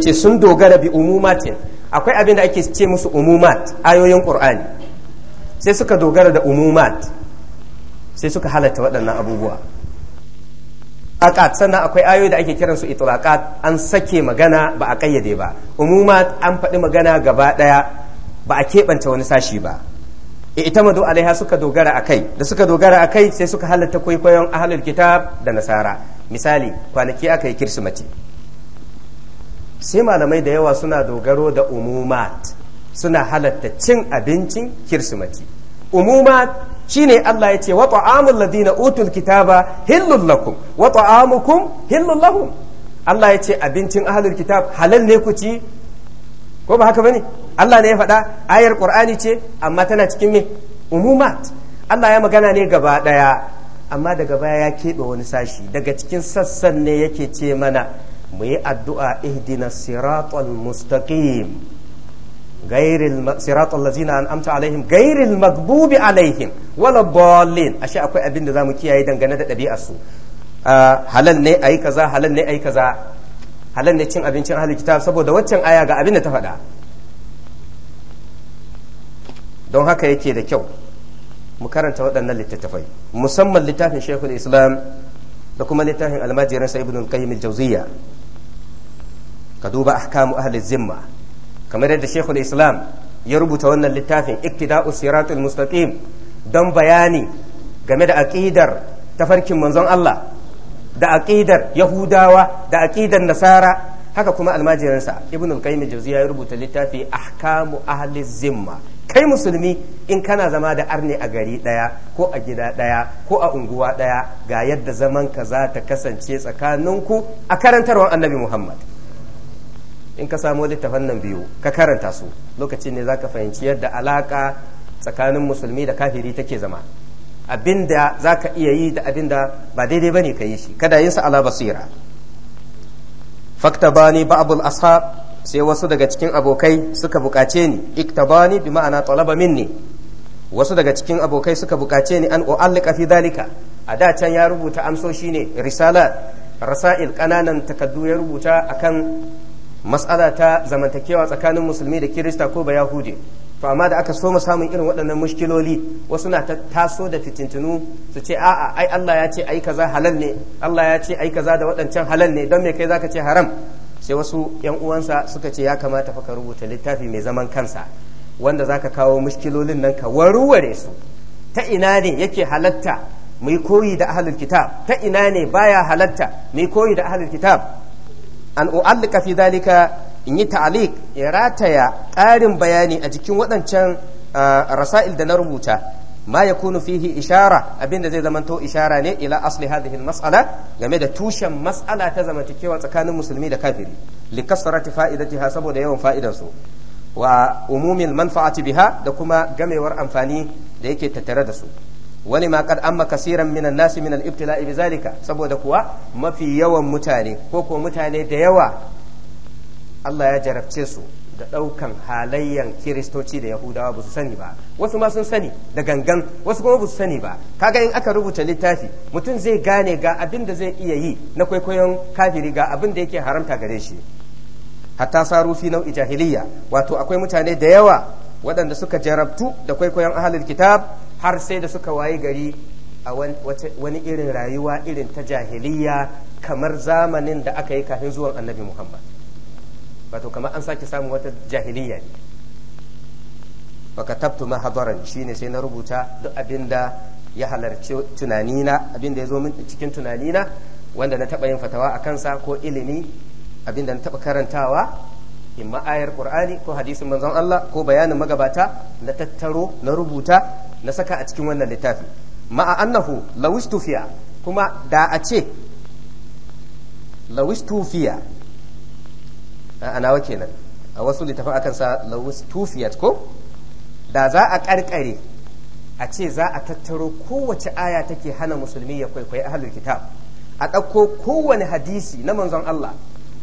ce sun dogara bi umumatin akwai abin da ake ce musu umumat ayoyin qur'ani sai suka dogara da umumat sai suka halatta waɗannan abubuwa akat sannan akwai ayoyi da ake kiransu itlaqat an sake magana ba a kayyade ba umumat an faɗi magana gaba ɗaya ba a keɓance wani sashi ba e, ita madu alaiha suka dogara akai da suka dogara akai sai suka halatta kwaikwayon ahalul kitab da nasara misali kwanaki aka yi kirsimati sai malamai da yawa suna dogaro da umumat suna halatta cin abincin kirsimati umumat shine Allah ya ce wa ta'amul ladina utul kitaba hillul lakum wa ta'amukum hillul lahum Allah ya ce abincin ahlul kitab halal ne ku ci ko ba haka bane Allah ne ya faɗa ayar Qur'ani ce amma tana cikin me umumat Allah ya magana ne gaba daya amma daga baya ya keɓe wani sashi daga cikin sassan ne yake ce mana mu yi addu'a ihdina siratal mustaqim gairil siratal lazina an amta alaihim gairil magbubi alaihim wala bolin ashe akwai abin da mu kiyaye dangane da ɗabi'arsu. Ah, halal ne ayi kaza halal ne ayi kaza halal ne cin abincin ahli kitab saboda waccan aya ga abin da ta faɗa don haka yake da kyau mu karanta waɗannan littattafai musamman littafin shekul islam da kuma littafin sa ibn al-qayyim al-jawziyya ka duba ahkamu ahli zimma kamar yadda shekul islam ya rubuta wannan littafin iktida'u siratul mustaqim don bayani game da aqidar tafarkin manzon Allah da aqidar yahudawa da aqidar nasara haka kuma almajiransa ibn al-qayyim jawziya ya rubuta littafi ahkamu ahli zimma kai musulmi in kana zama da arne a gari daya ko a gida daya ko a unguwa daya ga yadda zaman ka za ta kasance tsakaninku a karantarwar annabi muhammad in ka samu littafan nan biyu ka karanta su lokacin ne zaka fahimci yadda alaka tsakanin musulmi da kafiri take zama abinda zaka iya yi da abinda ba daidai bane ka yi shi kada yin sa ala basira faktabani ba'dul ashab sai wasu daga cikin abokai suka bukace ni iktabani bi ma'ana talaba minni wasu daga cikin abokai suka bukace ni an u'allika fi dalika a da can ya rubuta amsoshi ne risala rasail kananan takaddu ya rubuta akan matsala ta zamantakewa tsakanin musulmi da kirista ko ba yahudi to amma da aka so mu samun irin waɗannan mushkiloli wasu na ta taso da fitintunu su ce a'a ai Allah ya ce ai kaza halal ne Allah ya ce ai kaza da waɗancan halal ne don me kai zaka ce haram sai wasu yan uwansa suka ce ya kamata fa ka rubuta littafi mai zaman kansa wanda zaka kawo mushkilolin nan ka warware su ta ina ne yake halatta mu koyi da ahlul kitab ta ina ne baya halatta mai koyi da ahlul kitab an u'allika fi dalika in yi ta'alik ya rataya ƙarin bayani a jikin waɗancan rasail da na rubuta ma yakunu fihi ishara abinda zai zamanto ishara ne ila asli hadhihi mas'ala game da tushen mas'ala ta zamantakewa tsakanin musulmi da kafiri li kasrati fa'idatiha saboda yawan fa'idan su wa umumil manfa'ati biha da kuma gamewar amfani da yake tattare da su wani ma kad amma kasiran minan nasi minan ibtila'i zalika saboda kuwa mafi yawan mutane ko ko mutane da yawa Allah ya jarabce su da ɗaukan halayyan kiristoci da yahudawa ba su sani ba wasu ma sun sani da gangan wasu kuma ba su sani ba kaga in aka rubuta littafi mutum zai gane ga abin da zai iya yi na kwaikwayon kafiri ga abin da yake haramta gare shi hatta saru fi nau'i jahiliya wato akwai mutane da yawa waɗanda suka jarabtu da kwaikwayon ahalul kitab har sai da suka wayi gari a wani irin rayuwa irin ta jahiliya kamar zamanin da aka yi kafin zuwan annabi muhammad wato kamar an sake samun wata jahiliya ne baka tabtu mahadaran shine sai na rubuta duk abin da ya halarci tunanina abin da ya zo min cikin tunanina wanda na taba yin fatawa a kansa ko ilimi abin da na taba karantawa imma ayar qur'ani ko hadisin manzon Allah ko bayanin magabata na tattaro na rubuta na saka a cikin wannan littafi ma'a annahu lawistufiya kuma da a ce lawistufiya a nawa kenan a wasu littafin akan sa lawistufiyat ko da za a karkare a ce za a tattaro kowace aya take hana musulmi ya kwaikwayi ahlul kitab a ɗauko kowane hadisi na manzon Allah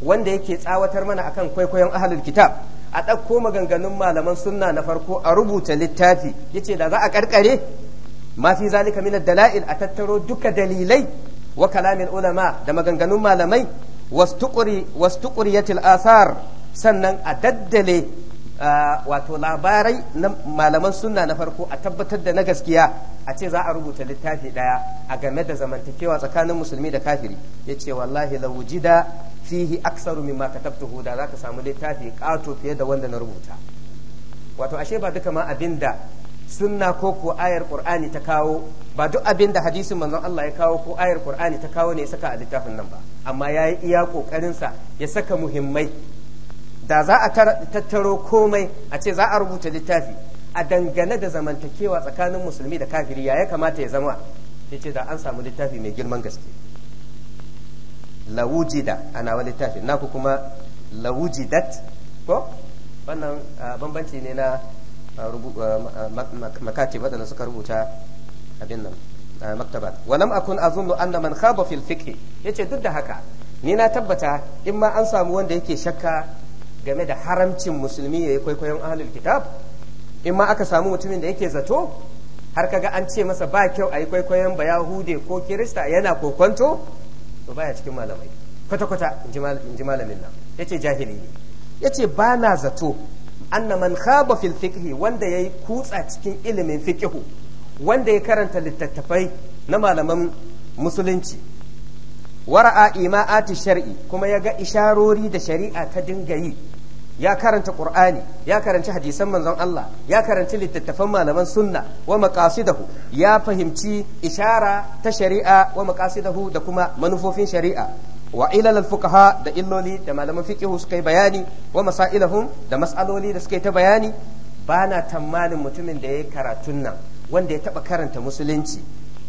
wanda yake tsawatar mana akan kwaikwayon ahlul kitab a ɗauko maganganun malaman sunna na farko a rubuta littafi yace da za a karkare ma fi zalika min dalail a tattaro duka dalilai wa kalamin ulama da maganganun malamai wastuqriyatil asar sannan a daddale wato labarai na malaman sunna na farko a tabbatar da na gaskiya a ce za a rubuta littafi ɗaya a game da zamantakewa tsakanin musulmi da kafiri yace wallahi lawujida fihi aksaru mimma katabtuhu da zaka samu littafi kato fiye da wanda na rubuta wato ashe ba duka ma abinda sunna ko ko ayar qur'ani ta kawo ba duk abinda hadisin manzon Allah ya kawo ko ayar qur'ani ta kawo ne ya saka a littafin nan ba amma yayi iya kokarin sa ya saka muhimmai da za a tattaro komai a ce za a rubuta littafi a dangane da zamantakewa tsakanin musulmi da kafiri ya kamata ya zama ce da an samu littafi mai girman gaske lawujida ana wani littafin naku kuma lawujidat ko wannan bambanci ne na makati waɗanda suka rubuta abin nan maktabat walam akun azunnu anna man khaba fil fiqh yace duk da haka ni na tabbata in ma an samu wanda yake shakka game da haramcin musulmi yayi kwaikwayon ahlul kitab in ma aka samu mutumin da yake zato har kaga an ce masa ba kyau ayi kwaikwayon ba yahude ko kirista yana kokonto to baya cikin malamai kwata-kwata in ji malamin nan ya ce jahili ne ya ce ba na zato anna man khaba fil fiqhi wanda ya kutsa cikin ilimin fiqhu wanda ya karanta littattafai na malaman musulunci wara'a ima'ati shar'i kuma ya ga isharori da shari'a ta dinga yi ya karanta qur'ani ya karanci hadisan manzon Allah ya karanci littattafan malaman sunna wa maqasidahu ya fahimci ishara ta shari'a wa maqasidahu da kuma manufofin shari'a wa ilal fuqaha da illoli da malaman fikihu suka yi bayani wa masailahum da mas'aloli da suka yi ta bayani bana tammalin mutumin da yayi karatun nan wanda ya taba karanta musulunci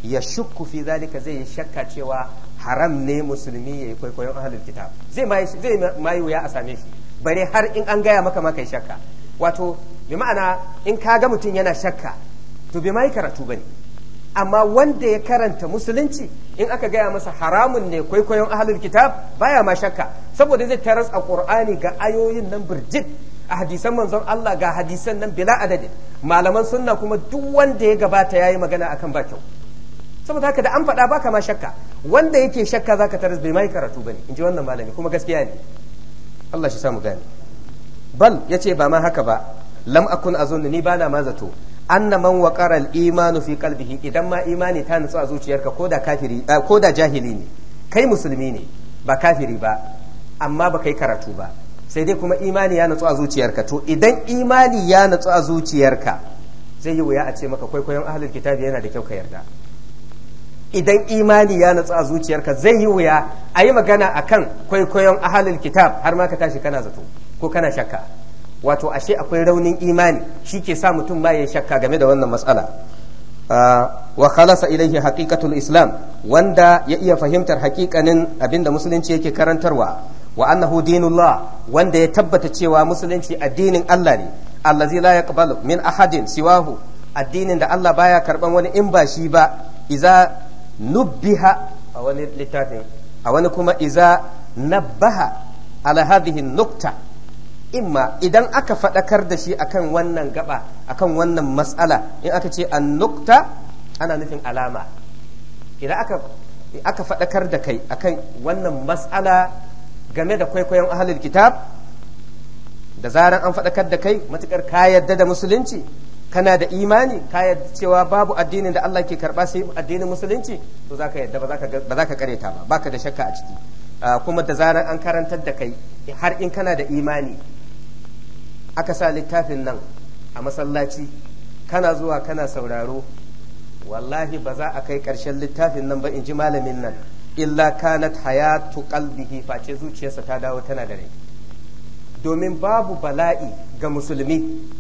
ya shukku fi zalika zai yi shakka cewa haram ne musulmi ya yi kwaikwayon ahalul kitab zai ma wuya a same shi bare har in an gaya maka maka shakka wato bi ma'ana in ka ga mutum yana shakka to bai ma karatu bane amma wanda ya karanta musulunci in aka gaya masa haramun ne kwaikwayon ahlul kitab baya ma shakka saboda zai taras a qur'ani ga ayoyin nan birjit a hadisan manzon Allah ga hadisan nan bila adadin malaman sunna kuma duk wanda ya gabata yayi magana akan ba kyau saboda haka da an faɗa baka ma shakka wanda yake shakka zaka taras bai mai karatu bane inji wannan malami kuma gaskiya ne Allah shi samu gani bal yace ba ma haka ba lam akun azunni ni bana ma zato anna man waqara al imanu fi qalbihi idan ma imani ta nutsu a zuciyarka koda kafiri eh, koda jahili ne kai musulmi ne ba kafiri ba amma ba kai karatu ba sai dai kuma imani ya nutsu a zuciyarka to idan imani ya nutsu a zuciyarka zai yi wuya a ce maka kwaikwayon ahlul kitabi yana da kyau ka yarda idan imani ya natsu a zuciyarka zai yi wuya a yi magana a kan kwaikwayon ahalin kitab har ma ka tashi kana zato ko kana shakka wato ashe akwai raunin imani shi ke sa mutum ba ya shakka game da wannan matsala ah, wa khalasa ilaihi haqiqatul islam wanda ya iya fahimtar haƙiƙanin abinda musulunci yake karantarwa wa annahu dinullah wanda ya tabbata cewa musulunci addinin Allah ne allazi la yaqbalu min ahadin siwahu addinin da Allah baya karban wani in ba shi ba iza nubbiha a wani littafin a wani kuma iza nabbaha ala hadhihi nukta imma idan aka faɗakar da shi akan wannan gaba akan wannan matsala in aka ce an nukta ana nufin alama idan aka aka faɗakar da kai akan wannan matsala game da kwaikwayon ahalil kitab da zaran an faɗakar da kai matukar ka yarda da musulunci kana da imani ka yadda cewa babu addinin da Allah ke karba sai addinin musulunci to zaka yadda ba za ka ta ba baka da shakka a ciki ah, kuma da zarar an karantar da kai har in kana da imani aka sa littafin nan a masallaci kana zuwa kana sauraro wallahi ba za a kai karshen littafin nan ba in ji malamin nan illa kanat hayatu qalbihi face zuciyarsa ta dawo tana da rai domin babu bala'i ga musulmi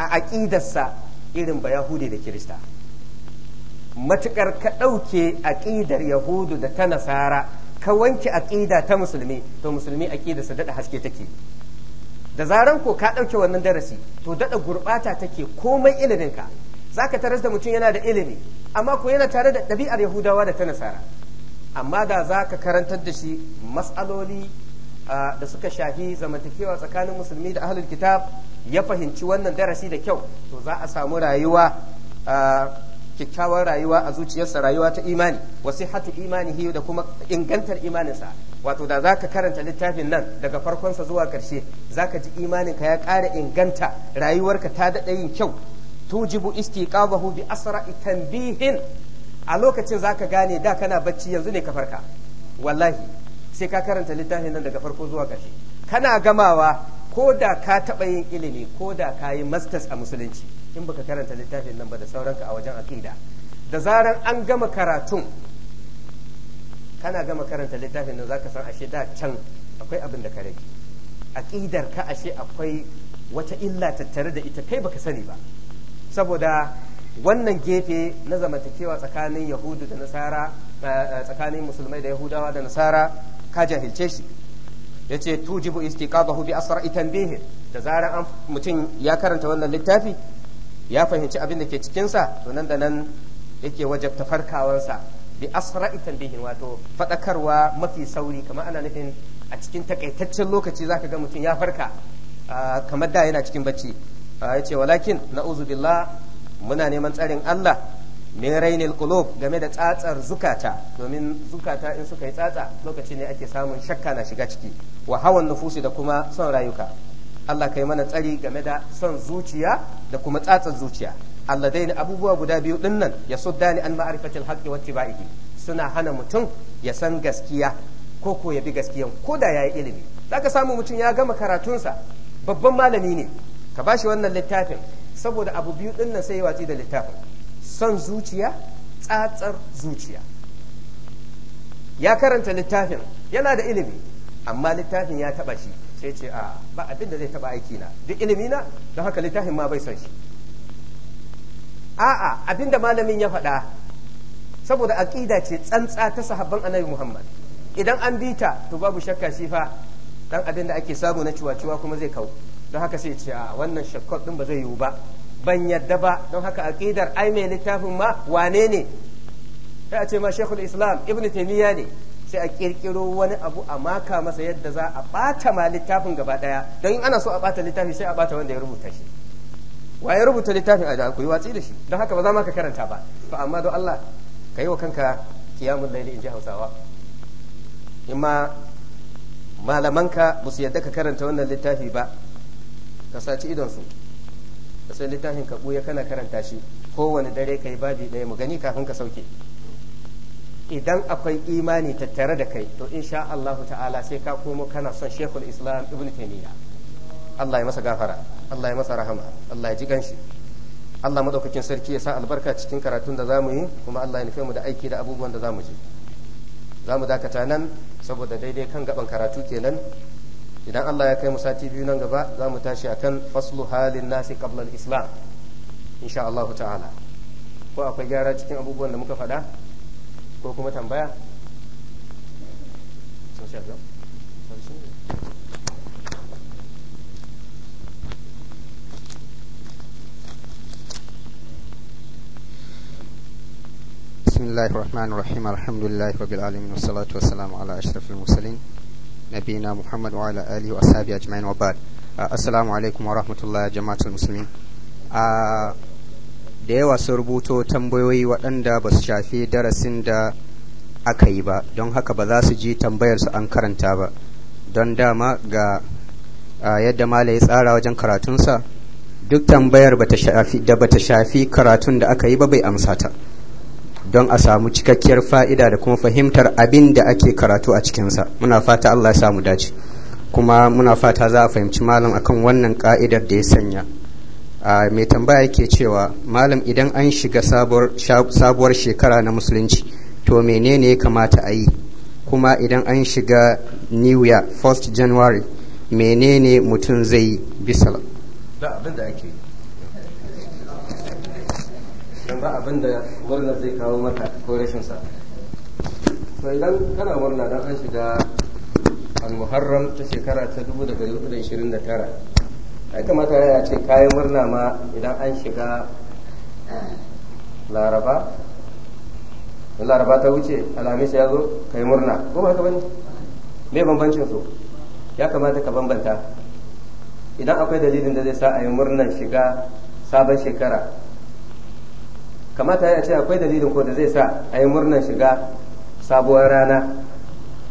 a aƙidarsa irin ba yahudi da kirista matukar ka ɗauke aƙidar yahudu da ta nasara ka wanke aƙida ta musulmi to musulmi aƙidarsa daɗa haske take da zaran ko ka ɗauke wannan darasi to daɗa gurɓata take komai iliminka za ka taras da mutum yana da ilimi amma ko yana tare da ɗabi'ar yahudawa da ta nasara amma da za ka karantar da shi matsaloli ah, da suka shafi zamantakewa tsakanin musulmi da ahlul kitab ya fahimci wannan darasi da kyau to za a samu rayuwa kyakkyawar rayuwa a zuciyarsa rayuwa ta imani wa sihhatu imanihi da kuma ingantar imaninsa wato da zaka karanta littafin nan daga farkonsa zuwa karshe zaka ji imaninka ya ƙara inganta rayuwarka ta daɗa yin kyau tujibu istiqabahu bi itan tanbihin a lokacin zaka gane da kana bacci yanzu ne ka farka wallahi sai ka karanta littafin nan daga farko zuwa karshe kana gamawa ko da ka taɓa yin ilimi ko da ka yi masters a musulunci in baka karanta littafin nan ba da sauranka a wajen aƙida da zarar an gama karatun kana gama karanta littafin nan ka san ashe da can akwai abin da ka rage aƙidar ka ashe akwai wata illa tattare da ita kai baka sani ba saboda wannan gefe na zamantakewa tsakanin yahudu da nasara eh, eh, tsakanin musulmai da yahudawa da nasara ka jahilce shi yace tujibu istiqadahu bi asra'i tanbih da an mutum ya karanta wannan littafi ya fahimci abin da ke cikin sa to nan da nan yake wajabta farkawansa bi asra'i tanbihin wato fadakarwa mafi sauri kamar ana nufin a cikin takaitaccen lokaci zaka ga mutum ya farka kamar da yana cikin bacci yace walakin na'uzu billah muna neman tsarin Allah min rainil game da tsatsar zukata domin zukata in suka yi tsatsa lokaci ne ake samun shakka na shiga ciki wa hawan nufusi da kuma son rayuka Allah kai mana tsari game da son zuciya da kuma tsatsar zuciya Allah dai abubuwa guda biyu dinnan ya suddani an ma'arifatil haqqi wa tibaihi suna hana mutum ya san gaskiya ko ko ya bi gaskiyan ko da yayi ilimi zaka samu mutum ya gama karatunsa babban malami ne ka bashi wannan littafin saboda abu biyu dinnan sai ya watsi da littafin son zuciya tsatsar zuciya ya karanta littafin yana da ilimi amma littafin ya taba shi sai ce a ba abin da zai taba aiki na duk ilimi na don haka littafin ma bai son shi a'a abin da malamin ya faɗa saboda aƙida ce tsantsa ta sahabban annabi muhammad idan an bi ta to babu shakka shi fa dan abin da ake samu na ciwa-ciwa kuma zai kau don haka sai ce a wannan shakkar din ba zai yiwu ba ban yadda ba don haka aqidar ai mai littafin ma wane ne sai a ce ma shekul islam ibn taimiyya ne sai a kirkiro wani abu a maka masa yadda za a bata ma littafin gaba daya don ana so a bata littafi sai a bata wanda ya rubuta shi wa ya rubuta littafin a da ku yi watsi da shi don haka ba za ma ka karanta ba to amma don Allah ka yi wa kanka kiyamun laili in ji hausawa imma malamanka ba su yadda ka karanta wannan littafi ba ka saci idonsu ka sai littafin ka buya kana karanta shi kowane dare kai babi ɗaya mu gani kafin ka sauke idan akwai imani tattare da kai to insha Allah ta'ala sai ka komo kana son Sheikhul Islam Ibn Taymiyyah Allah ya masa gafara Allah ya masa rahama Allah ya ji ganshi Allah madaukakin sarki ya sa albarka cikin karatun da zamu yi kuma Allah ya nufe mu da aiki da abubuwan da zamu ji zamu dakata nan saboda daidai kan gaban karatu kenan idan Allah ya kai mu sati biyu nan gaba za mu tashi a kan faslu halin nasi qabla islam insha Allah ta'ala ko akwai gyara cikin abubuwan da muka faɗa ko kuma tambaya بسم الله الرحمن الرحيم الحمد لله رب العالمين والصلاة والسلام على أشرف المرسلين نبينا محمد وعلى آله وأصحابه أجمعين وبعد assalamu alaikum wa rahmatullah jama'atul musulmi a da yawa sun rubuto tambayoyi waɗanda ba su shafi darasin da aka yi ba don haka ba za su ji tambayar su an karanta ba don dama ga yadda mala ya tsara wajen karatunsa duk tambayar da ba ta shafi karatun da aka yi ba bai amsa ta don a samu cikakkiyar fa'ida da kuma fahimtar abin da ake karatu a cikinsa muna fata Allah ya samu dace kuma muna fata za a fahimci malam akan wannan ka'idar da ya sanya a mai tambaya yake cewa malam idan an shiga sabuwar shekara na musulunci to menene ya kamata a yi kuma idan an shiga new year 1st january menene mutum zai yi bisa da abin da ake ba abin da murnar zai kawo mata ko rashin sa to idan kana murna dan an shiga al-muharram ta shekara ta 2029 ai kamata ya ce kayan murna ma idan an shiga eh, laraba laraba ta wuce alhamis ya zo kai murna ko ba ka bane me bambancin su ya kamata ka bambanta idan akwai dalilin da zai sa a yi murnar shiga sabon shekara kamata yana ce akwai dalilin ko da zai sa a yi murnan shiga sabuwar rana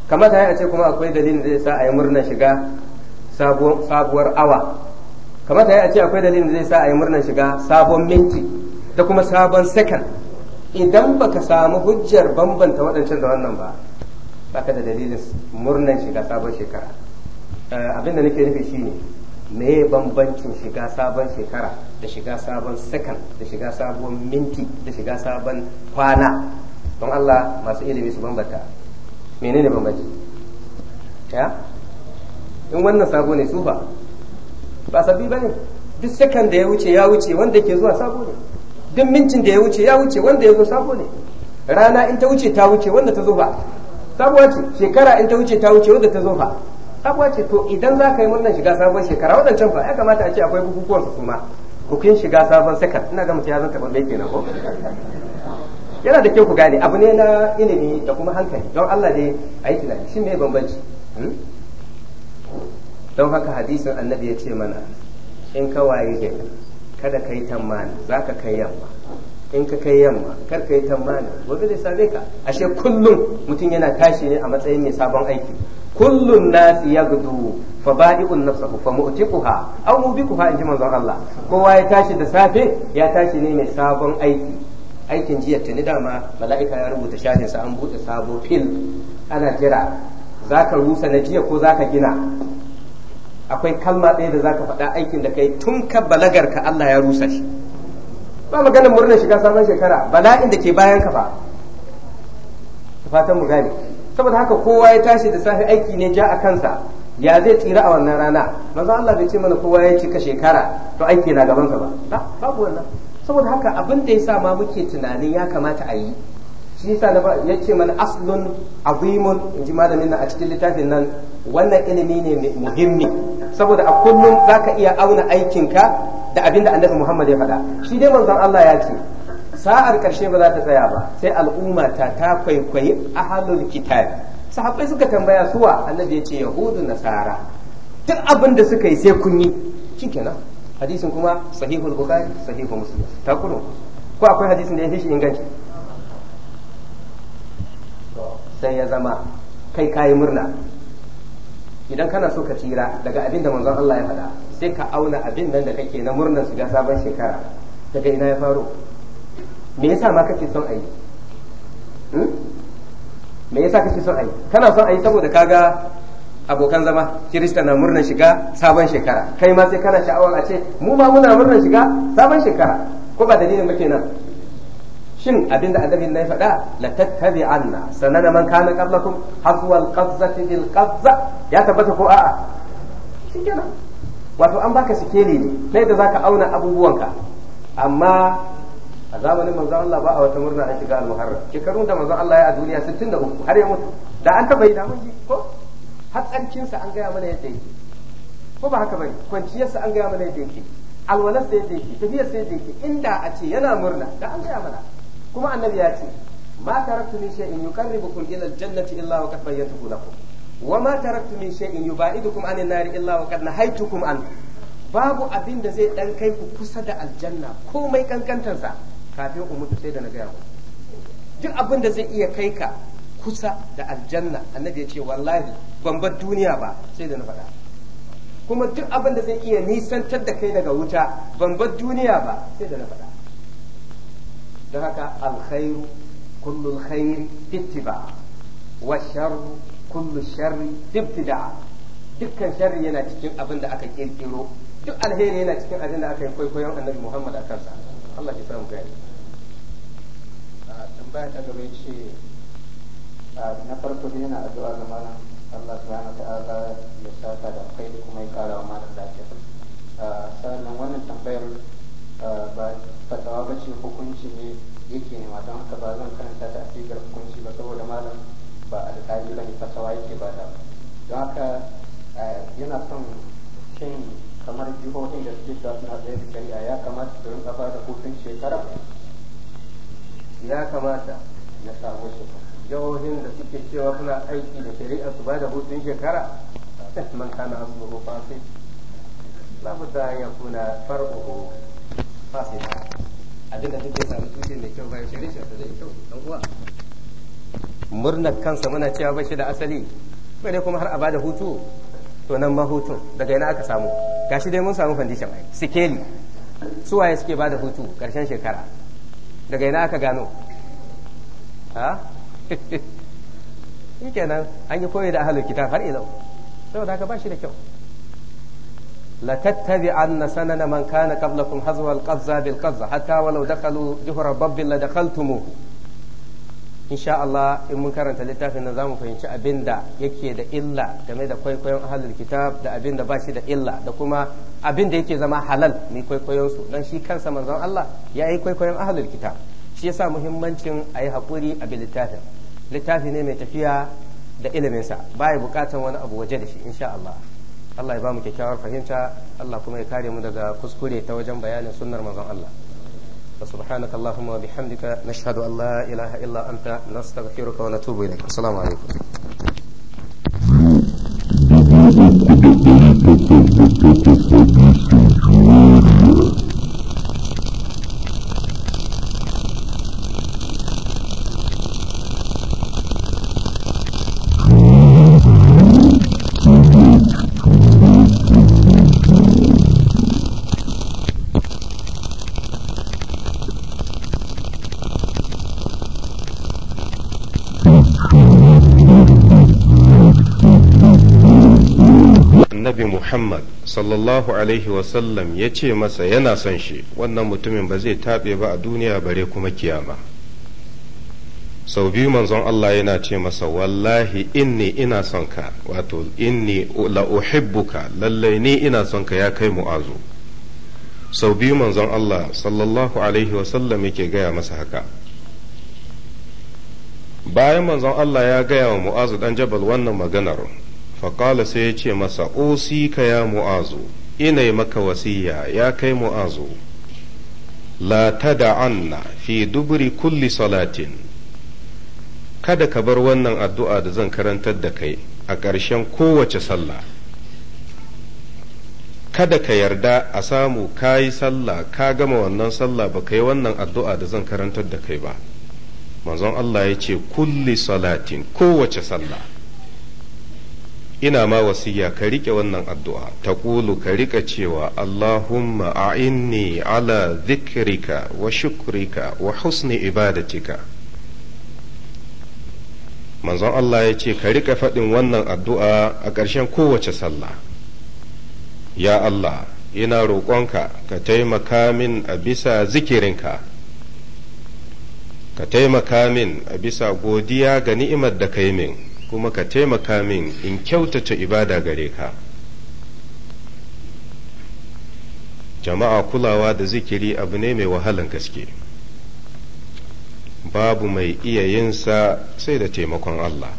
kamata yana ce kuma akwai dalilin da zai sa a yi murnan shiga sabuwar awa kamata yana ce akwai dalilin da zai sa a yi murnan shiga sabon minti da kuma sabon second idan baka samu hujjar bambanta waɗancan da wannan ba baka da dalilin murnan shiga sabon shekara eh, abin da nake nufi shine ya bambancin shiga sabon shekara da shiga sabon sakan da shiga sabon minti da shiga sabon kwana don Allah masu ilimi su bambanta menene bambanci ya in wannan sabo ne tsufa? ba sabi sabbi ba ne duk sakan da ya wuce ya wuce wanda ke zuwa sabo ne duk mintin da ya wuce ya wuce wanda ya zo sabo ne rana in ta wuce ta wuce wanda ta zo ba sabuwa ce shekara in ta wuce ta wuce wanda ta zo ba abuwa ce to idan za ka yi murnar shiga sabon shekara waɗancan fa ya kamata a ce akwai bukukuwan su kuma bukin shiga sabon sekar ina ga mutum ya zanta taɓa ke ko yana da kyau ku gane abu ne na ilimi da kuma hankali don Allah dai a yi tunani shi ne bambanci hmm? don haka hadisin annabi ya ce mana in ka waye gari kada ka yi tamani za ka kai yamma in ka kai yamma kar ka yi tamani gobe zai same ka ashe kullum mutum yana tashi ne a matsayin mai sabon aiki kullun nasi gudu fa badi'un nafsahu fa mu'tiquha aw in inji manzon Allah kowa ya tashi da safe ya tashi ne mai sabon aiki aikin jiya tuni dama mala'ika ya rubuta shafinsa an buɗe sabo fil ana jira zaka rusa na jiya ko zaka gina akwai kalma ɗaya da zaka faɗa aikin da kai tun ka balagar ka Allah ya rusa shi ba maganar murnar shiga sabon shekara bala'in da ke bayan ka fa fatan mu gane saboda haka kowa ya tashi da safe aiki ne ja a kansa ya zai tsira a wannan rana manzo Allah bai ce mana kowa ya cika shekara to aiki na gaban ka ba babu wannan saboda haka abin da yasa ma muke tunanin ya kamata a yi shi yasa ya ce mana aslun azimun in ji malamin nan a cikin littafin nan wannan ilimi ne muhimmi saboda a kullum zaka iya auna aikinka da abinda annabi Muhammad ya faɗa shi dai manzon Allah ya ce sa'ar karshe ba za ta tsaya ba sai al'umma ta ta kwaikwayi a halin kitabi sahabbai suka tambaya suwa annabi ya ce yahudu nasara duk abin da suka yi sai kun yi shikenan hadisin kuma sahihul bukhari sahihul muslim ta kuno ko akwai hadisin da ya shi inganci sai ya zama kai kayi murna idan kana so ka tsira daga abin da manzon Allah ya faɗa sai ka auna abin nan da kake na murnar shiga sabon shekara daga ina ya faro me yasa ma kake son ayi hmm? me yasa kake son ayi kana son ayi saboda kaga abokan zama kirista na murnar shiga sabon shekara kai ma sai kana sha'awar a ce mu ma muna murnar shiga sabon shekara ko ba dalilin ba kenan shin abin da na ya faɗa la tattabi anna sanana man kana qablakum haswal qazati bil qazza ya tabbata ko a'a shikenan wato an baka sikeli ne na yadda zaka auna abubuwanka amma a zamanin manzo Allah ba a wata murna a shiga al-muharram shekarun da manzo Allah ya a duniya 63 har ya mutu da an taba yi da mun ji ko hatsancin sa an gaya mana yadda yake ko ba haka bane kwanciyar sa an gaya mana yadda yake alwalas da yadda yake tafiyar sa yadda yake inda a ce yana murna da an gaya mana kuma annabi ya ce ma taraktu min shay'in yuqarribukum ila al-jannati illa wa qad bayyantuhu lakum wa ma taraktu min shay'in yubaidukum anin nari illa wa qad nahaytukum an babu abin da zai dan kai ku kusa da aljanna komai kankantansa. kafin in mutu sai da na gaya mu duk abin da zai iya kai ka kusa da aljanna annabi ya ce wallahi ban bar duniya ba sai da na faɗa kuma duk abin da zai iya nisantar da kai daga wuta ban bar duniya ba sai da na faɗa don haka alkhairu kullu khairi ittiba wa sharru kullu sharri ibtida dukkan sharri yana cikin abin da aka kirkiro duk alheri yana cikin abin da aka yi kwaikwayon annabi Muhammad a kansa Allah ya samu gani tambaya ta gaba ce na farko dai yana addu'a ga malam Allah subhanahu ta'ala ya saka da kai kuma ya kara wa malam lafiya sannan wannan tambayar ba fatawa ba ce hukunci ne yake ne ma don haka ba zan karanta ta a hukunci ba saboda malam ba alƙali ba ne fatawa yake ba da don haka yana son shin kamar jihohin da suke suna tsaye da shari'a ya kamata su rinka ba da hutun shekara ya kamata ya samu shi jihohin da suke cewa suna aiki da shari'a su ba da hutun shekara man kana asbuhu ya kuna an yakuna far'uhu fasika abinda duk bai samu tushe mai kyau bayan shari'a ta zai kyau dan uwa murnar kansa muna cewa ba shi da asali bai dai kuma har a ba da hutu to nan ma hutun daga yana aka samu gashi dai mun samu fandishin ai sikeli suwaye suke ba da hutu karshen shekara daga ina aka gano ha shikenan an yi koyi da ahlul kitab har ilau saboda haka ba shi da kyau la tattabi anna sanana man kana qablakum hazwa al-qazza bil qazza hatta walau dakhalu juhra babbin la dakhaltumuhu insha Allah in mun karanta littafin nan zamu fahimci abinda yake da illa game da kwaikwayon ahlul kitab da abinda ba bashi da illa da kuma abin da yake zama halal mai kwaikwayon su dan shi kansa manzon Allah ya yi kwaikwayon ahlul kitab shi yasa muhimmancin a yi haƙuri a littafin littafi ne mai tafiya da iliminsa ba ya bukatan wani abu waje da shi insha Allah Allah ya ba mu kyakkyawar fahimta Allah kuma ya kare mu daga kuskure ta wajen bayanin sunnar manzon Allah سبحانك اللهم وبحمدك نشهد أن لا إله إلا أنت نستغفرك ونتوب إليك السلام عليكم sallallahu alaihi wasallam ya ce masa yana son shi wannan mutumin ba zai taɓe ba a duniya bare kuma kiyama sau biyu manzon Allah yana ce masa wallahi inni ina son ka wato inni la lallai ni ina son ka ya kai mu'azu sau biyu manzon Allah sallallahu alaihi wasallam yake gaya masa haka bayan manzon Allah ya gaya wa mu'azu dan jabal wannan maganar faƙala sai ya ce masa osika ya mu'azu ina maka wasiya ya kai mu'azu la tada'anna fi duburi kulli salatin kada ka bar wannan addu'a da zan karantar da kai a ƙarshen kowace sallah kada ka yarda a samu ka yi sallah ka gama wannan sallah ba ka yi wannan addu'a da zan karantar da kai ba manzon Allah ya ce kulli salatin kowace sallah ina ma wasiya ka rike wannan addu'a ta kulu ka rika cewa Allahumma inni ala zikrika wa shukrika wa husni ibadatika manzon Allah ya ce ka rika faɗin wannan addu'a a ƙarshen kowace sallah ya Allah ina roƙonka ka taimaka min a bisa zikirinka ka taimaka min a bisa godiya ga ni'imar da ka yi min kuma ka taimaka min in kyautata ibada gare ka jama'a kulawa da zikiri abu ne mai wahalan gaske babu mai iya yinsa sai da taimakon Allah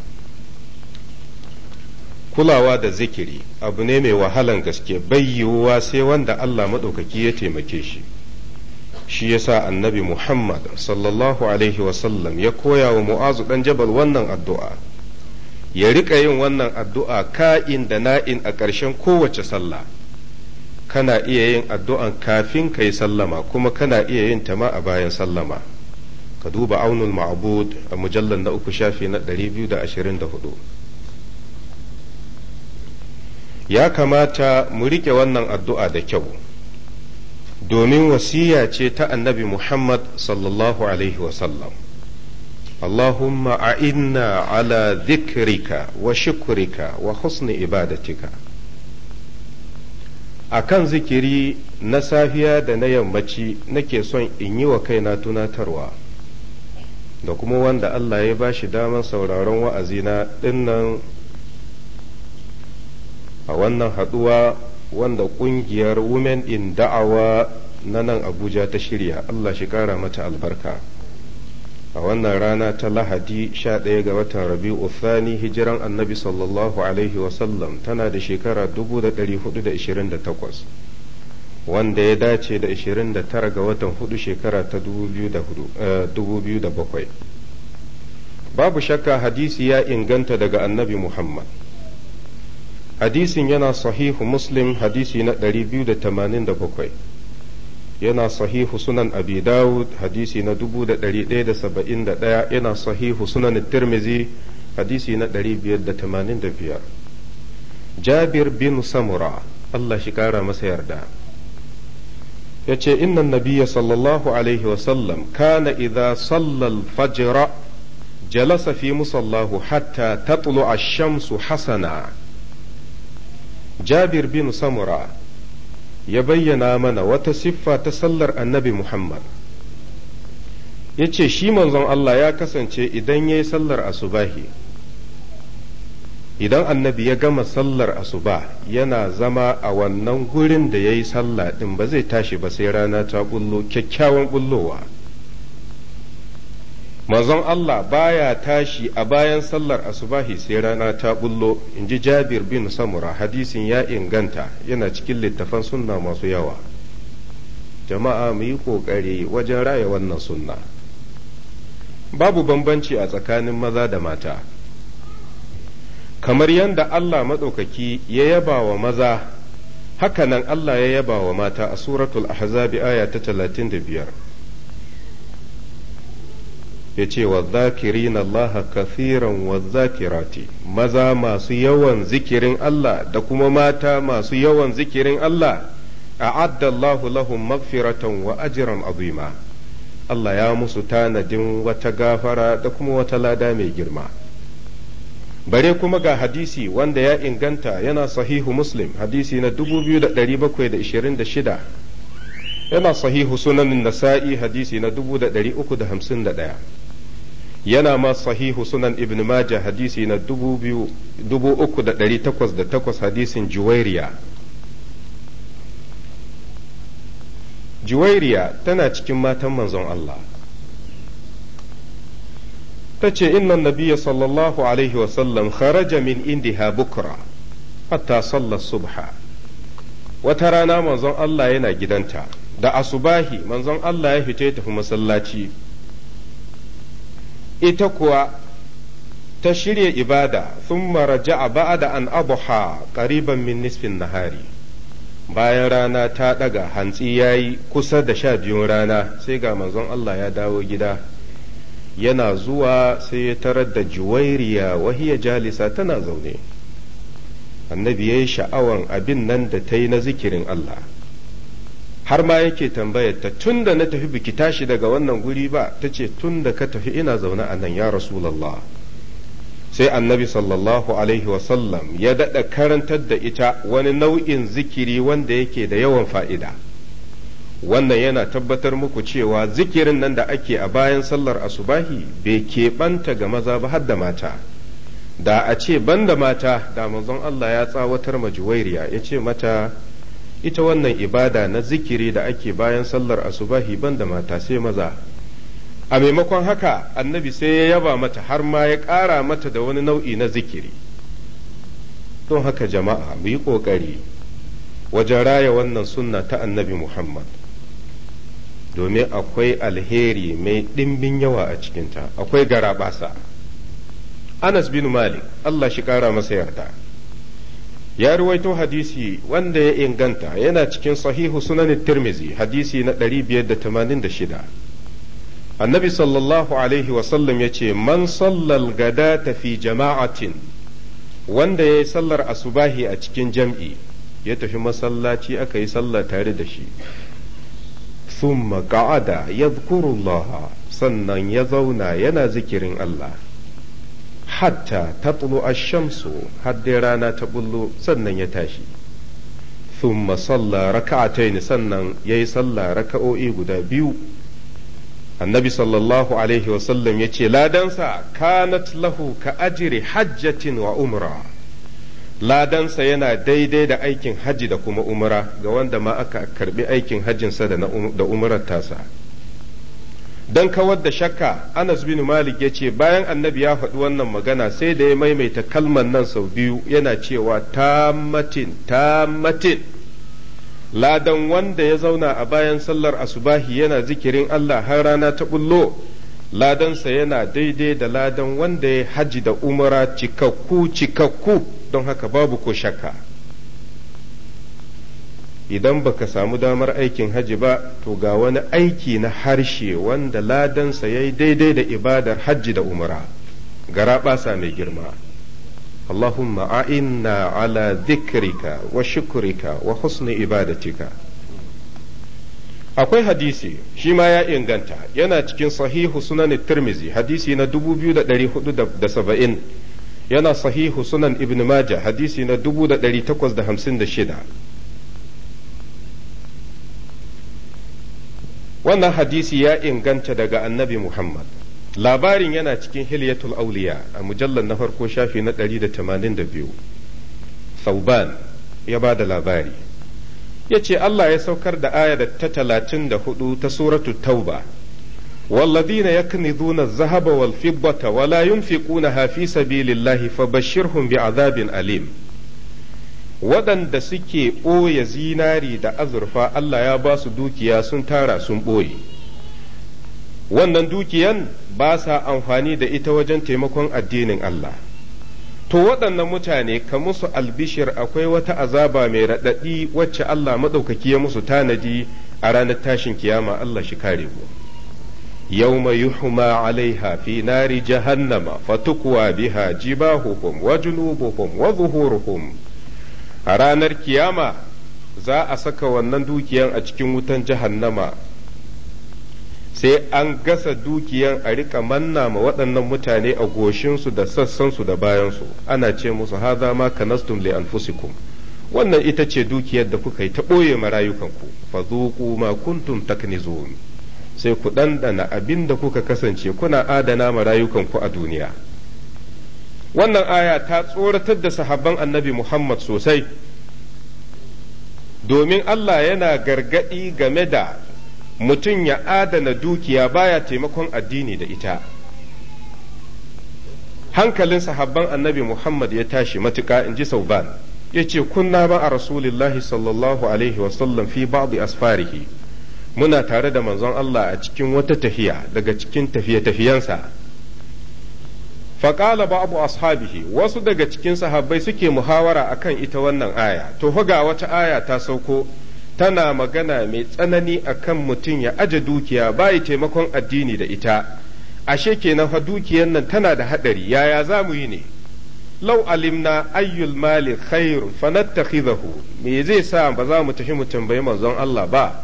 kulawa da zikiri abu ne mai wahalan gaske bai yiwuwa sai wanda Allah maɗaukaki ya taimake shi shi yasa annabi Muhammad sallallahu alaihi wasallam ya koya wa mu'azu ɗan jabal wannan addu'a ya riƙa yin wannan addu'a ka'in da na'in a ƙarshen kowace sallah kana iya yin addu'an kafin ka yi sallama kuma kana iya yin ta ma a bayan sallama ka duba aunul ma'abud a mujallar na uku shafi na 224 ya kamata mu riƙe wannan addu'a da kyau domin wasiya ce ta annabi muhammad sallallahu alaihi wasallam اللهم أعنا على ذكرك وشكرك وحسن عبادتك akan zikiri na safiya da na yammaci nake son in yi wa kaina tunatarwa da kuma wanda Allah ya ba shi damar sauraron wa'azina dinnan a wannan haɗuwa wanda ƙungiyar women in da'awa na nan abuja ta shirya Allah shi ƙara mata albarka a wannan rana ta lahadi ɗaya ga watan rabi'u thani hijiran annabi sallallahu alaihi wasallam tana da shekara 428 wanda ya dace da 29 ga watan hudu shekara ta 2007 eh, babu shakka hadisi ya inganta daga annabi muhammad hadisin yana sahihu muslim hadisi na 287 yana sahihu sunan abi dawud hadisi na 1171 yana sahihu sunan tirmizi hadisi na 585 jabir bin samura Allah shi kara masa yarda ya ce innan nabiya sallallahu alaihi wasallam kana idza sallal fajira jalasa fi musallahu hatta tatlu ash-shamsu hasana jabir bin samura ya bayyana mana wata siffa ta sallar annabi Muhammad ya ce shi manzon Allah ya kasance idan ya yi sallar asubahi idan annabi ya gama sallar asuba yana zama a wannan gurin da ya yi sallah ɗin ba zai tashi ba sai rana ta bullo kyakkyawan bullowa. manzon Allah baya tashi a bayan sallar asubahi sai rana ta bullo in ji jabir bin samura hadisin ya inganta yana cikin littafan sunna masu yawa jama'a mu yi ƙoƙari wajen raya wannan sunna babu bambanci a tsakanin maza da mata kamar yadda Allah maɗaukaki ya yaba wa maza hakanan Allah ya yaba wa mata a suratul ahzabi aya ta talatin da biyar ya ce wa zakirin Allah kafiran wa zakirati maza masu yawan zikirin Allah da kuma mata masu yawan zikirin Allah a'adda addallahu lahum magfiratan wa ajiran azima Allah ya musu tanadin wata gafara da kuma wata lada mai girma bare kuma ga hadisi wanda ya inganta yana sahihu muslim hadisi na 2726 yana sahihu sunanin nasa'i hadisi na yana ma sahihu sunan ibn majah hadisi na 3,808 hadisin juwairiya juwairiya tana cikin matan manzon Allah ta ce innan nabiya sallallahu alaihi wasallam kharaja min indiha bukra hatta sallar subha wata rana manzon Allah yana gidanta da asubahi manzon Allah ya fita ya tafi masallaci ita kuwa ta shirya ibada sun maraja a ba'ada an abuha ƙariban min nisfin nahari bayan rana ta ɗaga hantsi ya yi kusa da sha biyun rana sai ga manzon Allah ya dawo gida yana zuwa sai ya tarar da juwairiya wahiya jalisa tana zaune annabi ya yi sha'awan abin nan da ta yi na zikirin Allah har ma yake tambayar ta tun da na tafi biki tashi daga wannan guri ba ta ce tun da ka tafi ina zaune a nan ya rasulallah sai annabi sallallahu alaihi wasallam ya daɗa karantar da ita wani nau'in zikiri wanda yake da yawan fa'ida wannan yana tabbatar muku cewa zikirin nan da ake a bayan sallar asubahi bai keɓanta ga maza ba har da mata da a ce banda mata da manzon Allah ya tsawatar ma juwairiya ya ce mata ita wannan ibada na zikiri da ake bayan sallar asubahi da mata sai maza a maimakon haka annabi sai ya yaba mata har ma ya ƙara mata da wani nau'i na zikiri don haka jama'a mu yi ƙoƙari wajen raya wannan sunna ta annabi muhammad domin akwai alheri mai ɗimbin yawa a cikinta akwai garabasa anas bin malik allah shi ƙara masa yarda ya ruwaito hadisi wanda ya inganta yana cikin sahihu sunan tirmizi hadisi na 586 annabi sallallahu alaihi wasallam ya ce man sallal gada tafi jama'atin wanda ya yi sallar asubahi a cikin jam'i ya tafi masallaci aka yi sallah tare da shi ثم قعد يذكر الله sannan ya zauna yana zikirin Allah hatta tatlu a shamsu har dai rana ta bullo sannan ya tashi thumma salla raka'atayn sannan yayi sallah raka'o'i guda biyu annabi sallallahu alaihi wasallam ya ce ladansa kanat lahu ka ajiri hajjatin wa umra ladansa yana daidai da aikin haji da kuma umra ga wanda ma aka karbi aikin hajjinsa da um-, umrar tasa don kawar da shakka anas bin malik ya ce bayan annabi ya faɗi wannan magana sai da ya maimaita kalman nan sau biyu yana cewa tamatin tamatin ladan wanda ya zauna a bayan sallar asubahi yana zikirin allah har rana ta bullo ladansa yana daidai da ladan wanda ya haji da umara cikakku cikakku don haka babu ko shakka idan baka samu damar aikin haji ba to ga wani aiki na harshe wanda ladansa ya yi daidai da ibadar hajji da umra gara basa mai girma Allahumma a'inna ala dhikrika wa shukurika wa husni ibadatika akwai hadisi shi ma ya inganta yana cikin sahihu sunan tirmizi hadisi na 2470 yana sahihu sunan ibn Maja hadisi na 1856 wannan hadisi ya inganta daga annabi muhammad labarin yana cikin hilyatul auliya a mujallar na farko shafi na ɗari da 182 sauban ya ba da labari ya ce allah ya saukar da da ta talatin da hudu ta suratu tauba والذين يكنزون الذهب والفضة ولا ينفقونها في سبيل الله فبشرهم بعذاب alim. waɗanda suke ɓoye zinari da azurfa Allah ya ba su dukiya sun tara sun ɓoye wannan dukiyan ba sa amfani da ita wajen taimakon addinin Allah to waɗannan mutane ka musu albishir akwai wata azaba mai raɗaɗi wacce Allah maɗaukaki ya musu tanadi a ranar tashin kiyama Allah shi kare mu yawma yuhma alaiha fi nari jahannama fatukwa biha jibahuhum wa junubuhum wa zuhuruhum a ranar kiyama za a saka wannan dukiyan a cikin wutan jahannama sai an gasa dukiyan a riƙa manna ma waɗannan mutane a goshinsu da sassansu da bayansu ana ce musu haza ma kanastum li anfusikum wannan ita ce dukiyar da kuka yi ta ɓoye ma rayukanku fa zuku ma kuntum taknizun sai ku ɗanɗana abin da kuka kasance kuna adana ma rayukanku a duniya wannan aya ta tsoratar da sahabban annabi Muhammad sosai domin Allah yana gargadi game da mutum ya adana dukiya baya taimakon addini da ita hankalin sahabban annabi Muhammad ya tashi matuƙa in ji sau ban ya ce kunna ba a rasulillahi sallallahu alaihi wasallam fi ba'di asfarihi muna tare da manzon Allah a cikin wata tafiya daga cikin tafiye-tafiyensa faƙala ba abu ashabihi wasu daga cikin sahabbai suke muhawara akan ita wannan aya to ga wata aya ta sauko tana magana mai tsanani akan mutum ya aje dukiya bayi taimakon addini da ita ashe kenan fa dukiyar nan tana da haɗari yaya za mu yi ne lau alimna ayyul mali khairun fanattakhidahu me zai sa ba za mu tafi mu tambayi manzon Allah ba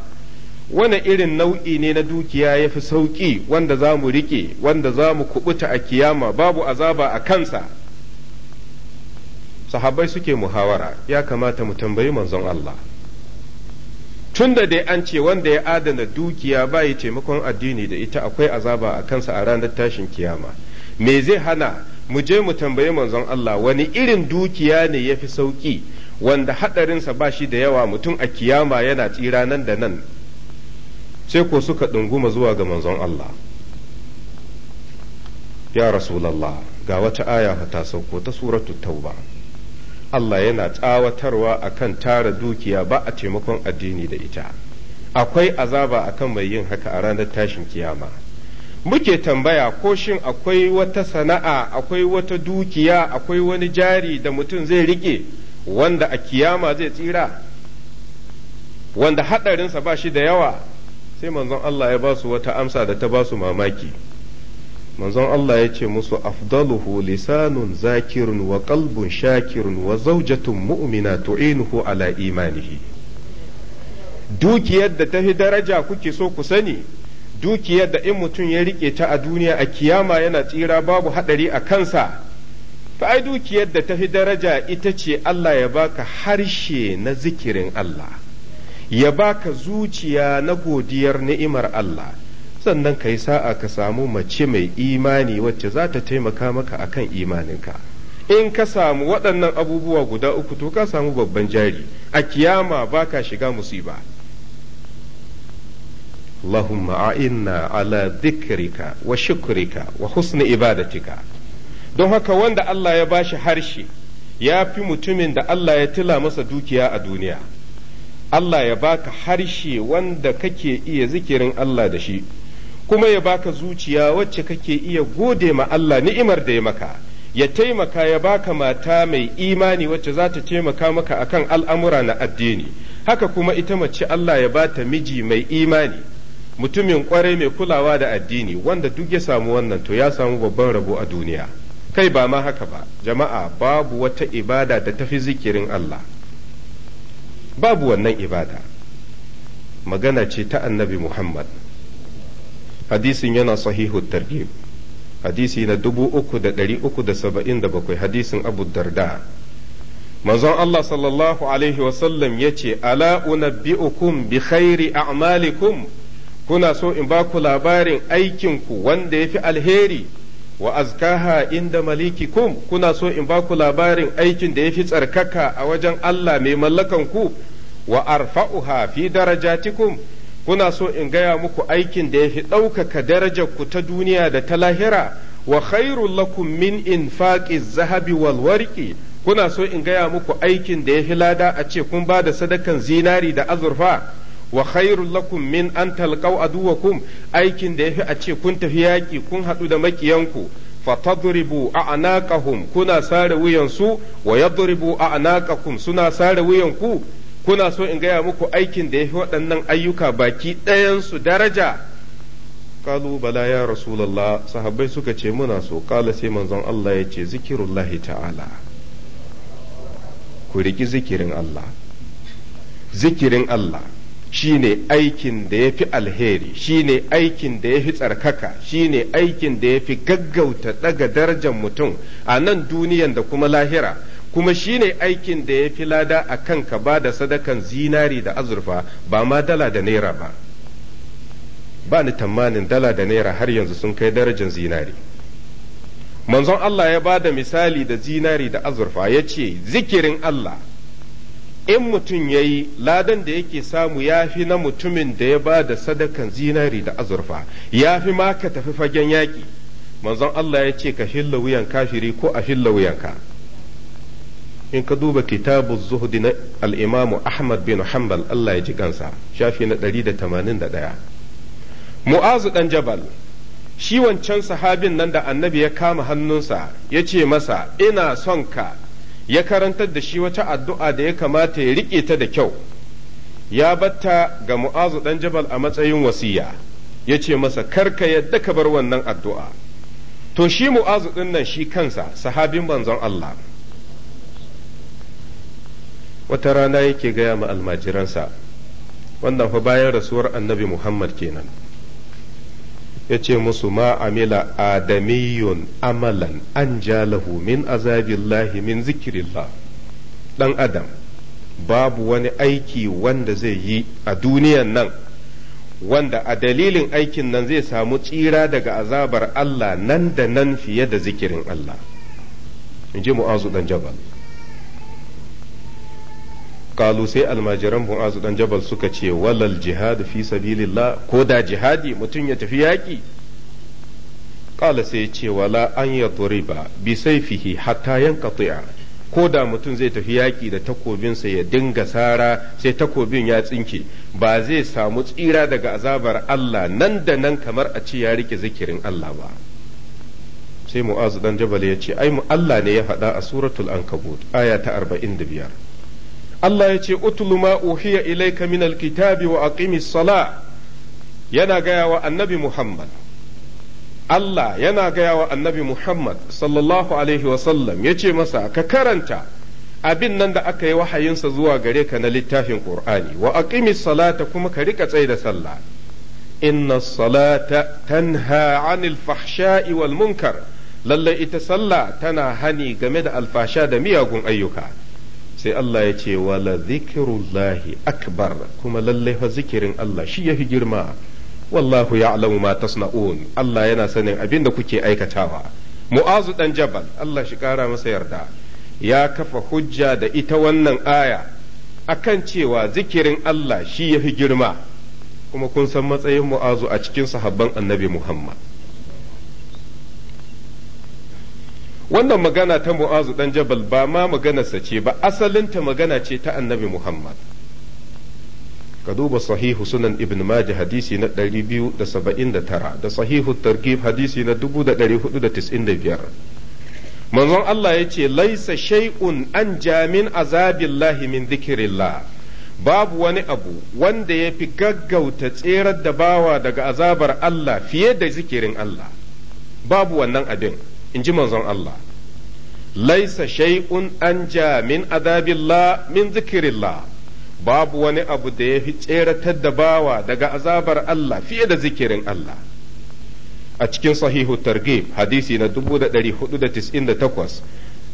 wani irin nau'i ne na dukiya ya fi sauƙi wanda za mu riƙe wanda za mu kubuta a kiyama babu azaba a kansa sahabbai suke muhawara ya kamata mu tambayi manzon Allah tun da dai an ce wanda ya adana dukiya ba taimakon addini da ita akwai azaba a kansa a ranar tashin kiyama me zai hana mu je mu tambayi manzon Allah wani irin dukiya ne ya fi sauƙi wanda haɗarinsa ba shi da yawa mutum a kiyama yana tsira nan da nan sai ko suka ɗunguma zuwa ga manzon Allah ya rasulallah ga wata aya ta sauko ta suratu tauba Allah yana tsawatarwa akan tara dukiya ba a taimakon addini da ita akwai azaba akan mai yin haka a ranar tashin kiyama muke tambaya ko shin akwai wata sana'a akwai wata dukiya akwai wani jari da mutum zai riƙe wanda a kiyama zai tsira wanda haɗarinsa ba shi da yawa sai manzon Allah ya ba su wata amsa da ta ba su mamaki manzon Allah ya ce musu afdaluhu lisanun zakirun wa qalbun shakirun wa zaujatun mu'mina tu'inuhu ala imanihi dukiyar da ta fi daraja kuke so ku sani dukiyar da in mutum ya rike ta a duniya a kiyama yana tsira babu hadari a kansa ta ai dukiyar da ta fi daraja ita ce Allah ya baka harshe na zikirin Allah ya baka zuciya na godiyar ni'imar Allah sannan ka yi sa'a ka samu mace mai imani wacce za ta taimaka maka akan imaninka in ka samu waɗannan abubuwa guda uku to ka samu babban jari a kiyama ba ka shiga musiba ala wa wa wa wa husni ibadatika don haka wanda Allah ya bashi harshe ya fi mutumin da Allah ya tila masa dukiya a duniya Allah ya baka harshe wanda kake iya zikirin Allah da shi kuma ya baka zuciya wacce kake iya gode ma Allah ni'imar da ya maka ya taimaka ya baka mata mai imani wacce za ta taimaka maka akan al'amura na addini haka kuma ita mace Allah ya bata miji mai imani mutumin kwarai mai kulawa da addini wanda duk ya samu wannan to ya samu babban rabo a duniya kai ba ma haka ba jama'a babu wata ibada da tafi zikirin Allah babu wannan ibada magana ce ta annabi muhammad hadisin yana sahihu targhib hadisi na 3377 hadisin abu darda manzon Allah sallallahu alaihi wasallam ya ce ala unabbi'ukum bi khairi a'malikum kuna so in ba ku labarin aikinku wanda ya fi alheri wa azkaha inda malikikum kuna so in baku labarin aikin da ya fi tsarkaka a wajen Allah mai mallakan ku wa arfa'uha fi darajatikum kuna so in gaya muku aikin da ya fi ɗaukaka darajar ku ta duniya da ta lahira wa khairul lakum min infaqi zahabi wal warqi kuna so in gaya muku aikin da ya fi lada a ce kun ba da sadakan zinari da azurfa wa khairul lakum min an talqaw aduwakum aikin da yafi a ce kun tafi yaki kun haɗu da makiyanku fa tadribu a'naqahum kuna sare wuyansu wa yadribu a'naqakum suna sare wuyanku kuna so in gaya muku aikin da yafi waɗannan ayyuka baki ɗayan su daraja qalu bala ya rasulullah sahabbai suka ce muna so qala sai manzon Allah ya ce zikirullahi ta'ala ku riki zikirin Allah zikirin Allah shine aikin da ya fi alheri shine aikin da ya fi tsarkaka shine aikin da ya fi gaggauta daga darajar mutum a nan duniyan da kuma lahira kuma shine aikin da ya fi lada a kan ka ba da sadakan zinari da azurfa ba ma dala da naira ba ba ni tamanin dala da naira har yanzu sun kai darajar zinari manzon Allah ya ba da misali da zinari da azurfa ya ce zikirin Allah in mutum ya yi ladan da yake samu ya fi na mutumin da ya ba da sadakan zinari da azurfa ya fi ma ka tafi fagen yaƙi manzon Allah ya ce ka hilla wuyan kafiri ko a wuyan wuyanka in ka duba kitabu zuhdi na al'imamu Ahmad bin Hanbal Allah ya ji gansa shafi na 181 mu'azu dan jabal shi wancan sahabin nan da annabi ya kama hannunsa ya ce masa ina son ka ya karantar da shi wata addu'a da ya kamata ya riƙe ta da kyau ya batta ga mu'azu ɗan jabal a matsayin wasiya ya ce masa karka yadda ka bar wannan addu'a to shi mu'azu ɗin nan shi kansa sahabin manzon Allah wata rana yake gaya ma almajiransa wannan fa bayan rasuwar annabi Muhammad kenan. ya ce musu ma amila adamiyun amalan an jalahu min azabillahi min zikirillah dan adam babu wani aiki wanda zai yi a duniyan nan wanda a dalilin aikin nan zai samu tsira daga azabar Allah nan da nan fiye da zikirin Allah in ji mu'azu dan jabal kalu sai almajiran mu'azu dan jabal suka ce walal jihad fi sabilillah ko da jihadi mutum ya tafi yaki Kala sai ce wala an yadriba bi sayfihi hatta yanqati'a ko da mutum zai tafi yaki da takobinsa ya dinga sara sai takobin ya tsinke ba zai samu tsira daga azabar Allah nan da nan kamar a ce ya rike zikirin Allah ba sai mu'azu dan jabal ya ce ai mu Allah ne ya faɗa a suratul ankabut aya ta 45 Allah ya ce utlu ma uhiya ilayka min alkitabi wa aqimi sala yana gaya wa annabi Muhammad Allah yana gaya wa annabi Muhammad sallallahu alaihi wa ya ce masa ka karanta abin nan da aka yi wahayinsa zuwa gare ka na littafin Qur'ani wa aqimi salata kuma ka rika tsaye da sallah inna salata tanha anil fahsha'i wal munkar lalle ita sallah tana hani game da alfasha da miyagun ayyuka sai Allah ya ce wala zikirullahi akbar kuma lallai fa zikirin Allah shi yafi girma wallahu ya'lamu ma tasna'un Allah yana sanin abin da kuke aikatawa mu'azu dan jabal Allah shi kara masa yarda ya kafa hujja da ita wannan aya akan cewa zikirin Allah shi yafi girma kuma kun san matsayin mu'azu a cikin sahabban annabi Muhammad wannan magana ta mu'azu dan jabal ba ma maganarsa ce ba asalinta magana ce ta annabi muhammad ka duba sahihu sunan ibn maji hadisi na 279 da sahihu targib hadisi na 1495 manzon Allah ya ce laisa shay'un an jamin azabillahi min zikirillah babu wani abu wanda ya fi gaggauta tserar da bawa daga azabar Allah fiye da zikirin Allah babu wannan abin in ji manzon Allah laisa shay'un ja min azabillah min zikirillah babu wani abu da ya fi tseratar da bawa daga azabar Allah fiye da zikirin Allah a cikin sahihu targhib hadisi na 1498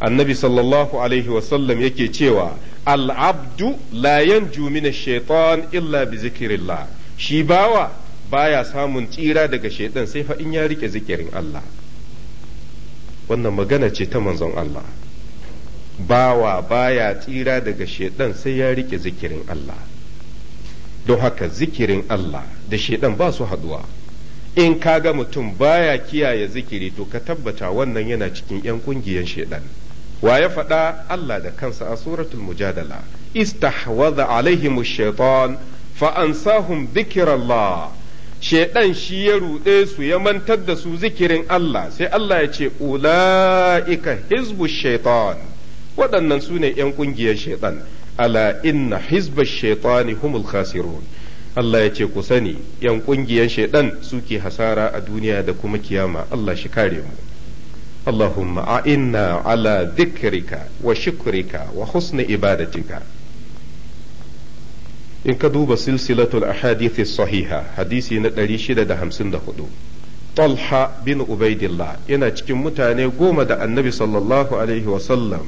annabi sallallahu alaihi wasallam yake cewa al'abdu la yanju min shaitan illa bi zikirillah shi bawa baya samun tsira daga shaitan sai fa in ya rike zikirin Allah wannan magana ce ta manzon Allah bawa baya tsira daga shedan sai ya rike zikirin Allah don haka zikirin Allah da shedan ba su haduwa in ga mutum baya kiyaye zikiri to ka tabbata wannan yana cikin 'yan kungiyan shedan wa ya faɗa Allah da kansa a suratul mujadala istahwadha alaihim shaitan fa ansahum dhikrallah shaiɗan shi ya ruɗe su ya mantar da su zikirin Allah sai Allah ya ce ula'ika hizbu shaitan waɗannan su ne ‘yan ƙungiyar shaiɗan ala inna hizba shaitan humul khasirun Allah ya ce ku sani ‘yan ƙungiyar shaiɗan suke hasara a duniya da kuma kiyama Allah shi kare mu Allahumma a'inna ala dhikrika wa shukrika wa husna ibadatika in ka duba silsilatul ahadith sahiha hadisi na 654 Talha bin Ubaidillah yana cikin mutane goma da annabi sallallahu Alaihi sallam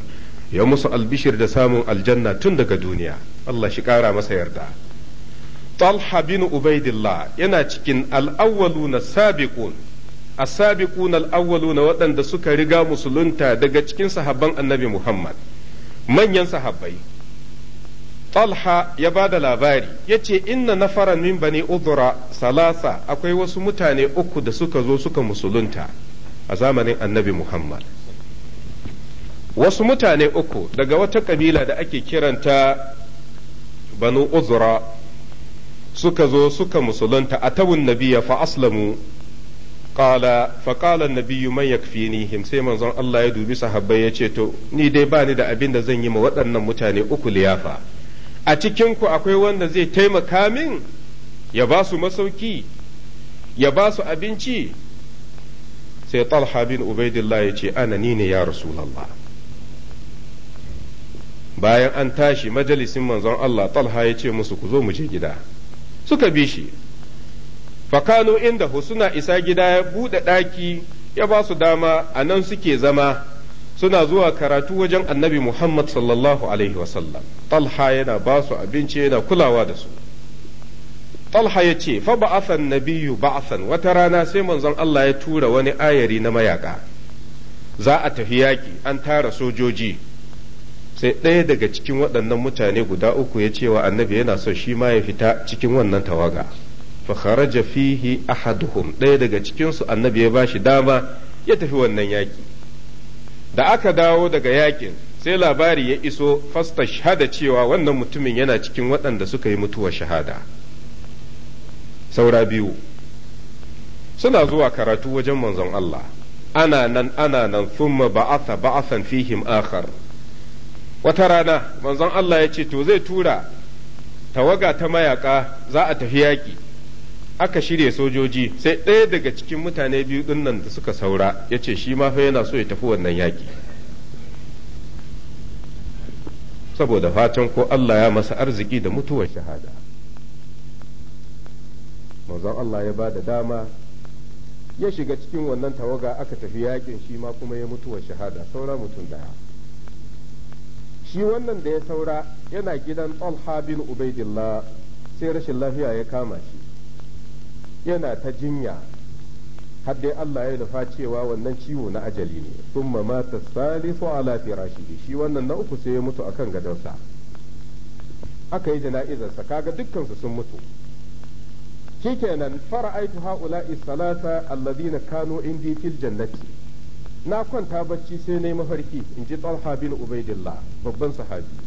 ya musu albishir da samun aljanna tun daga duniya, Allah shi ƙara masa yarda. Talha bin Ubaidillah yana cikin al'awwalu na sabiƙun, a sabiƙun al'awwalu na waɗanda suka riga musulunta daga cikin sahabban annabi Muhammad, manyan sahabbai. Talha ya ba da labari ya ce inna nafaran min bani udura salasa akwai wasu mutane uku da suka zo suka musulunta a zamanin annabi Muhammad. Wasu mutane uku daga wata kabila da ake kiranta banu uzura suka zo suka musulunta a tawun nabiya fa aslamu qala fa qala nabiyyu man yakfinihim sai manzon Allah ya dubi sahabbai ya ce to ni dai bani da abin da zan yi ma waɗannan mutane uku liyafa. a cikinku akwai wanda zai taimaka min ya ba su masauki ya ba su abinci sai talha bin ubaidillah ya ce ana ni ne ya rasulallah bayan an tashi majalisin manzon Allah talha ya ce musu ku zo mu je gida suka bi shi fakano inda suna isa gida ya buɗe ɗaki ya ba su dama a nan suke zama suna zuwa karatu wajen annabi muhammad sallallahu alaihi wasallam talha yana ba su abinci yana kulawa da su talha ya ce fa ba'athan nabiyyu ba'athan wata rana sai manzon Allah ya tura wani ayari na mayaka za a tafi yaki an tara sojoji sai ɗaya daga cikin waɗannan mutane guda uku ya cewa annabi yana so shi ma ya fita cikin wannan tawaga fa kharaja fihi ahaduhum ɗaya daga cikinsu annabi ya bashi dama ya tafi wannan yaki da aka dawo daga yakin sai labari ya iso fasta shahada cewa wannan mutumin yana cikin waɗanda suka yi mutuwar shahada saura biyu suna zuwa karatu wajen manzon Allah ana nan ana nan thumma ba'atha ba'athan fihim akhar wata rana manzon Allah ya ce to zai tura tawaga ta mayaka za a tafi yaƙi aka shirya sojoji sai ɗaya daga cikin mutane biyu ɗin da suka saura ya ce shi ma fa yana so ya tafi wannan yaƙi saboda fatan ko Allah ya masa arziki da mutuwar shahada manzon Allah ya ba da dama ya shiga cikin wannan tawaga aka tafi yakin shi ma kuma ya mutuwar shahada saura mutum daya shi wannan da ya saura yana gidan Talha bin Ubaidillah sai rashin lafiya ya kama shi yana ta jinya har dai Allah ya nufa cewa wannan ciwo na ajali ne sun mata salisu ala firashihi shi wannan na uku sai ya mutu akan gadonsa aka yi sa kaga dukkansu sun mutu shikenan fara'aitu haula'i salasa alladhina kanu indi fil jannati na kwanta bacci sai nayi mafarki in ji Talha bin Ubaidillah babban sahabi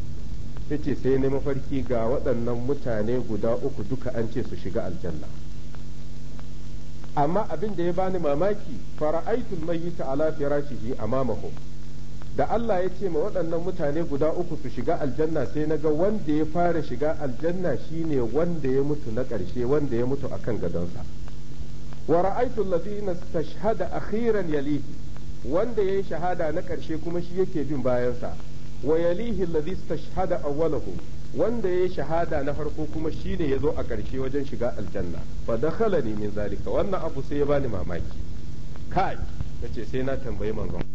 yace sai nayi mafarki ga waɗannan mutane guda uku duka an ce su shiga aljanna amma abin da ya bani mamaki fara'aitul mayyita ala firashihi amamahum da Allah ya ce ma waɗannan mutane guda uku su shiga aljanna sai na ga wanda ya fara shiga aljanna shine wanda ya mutu na ƙarshe wanda ya mutu akan gadonsa wa ra'aytu alladhina istashhada akhiran yalihi wanda yayi shahada na ƙarshe kuma shi yake bin bayansa wa yalihi alladhi istashhada awwalahum wanda ya yi shahada na farko kuma shine ya zo a ƙarshe wajen shiga aljanna fa dakhala ni min zalika wannan abu sai ya bani mamaki kai nace sai na tambayi manzon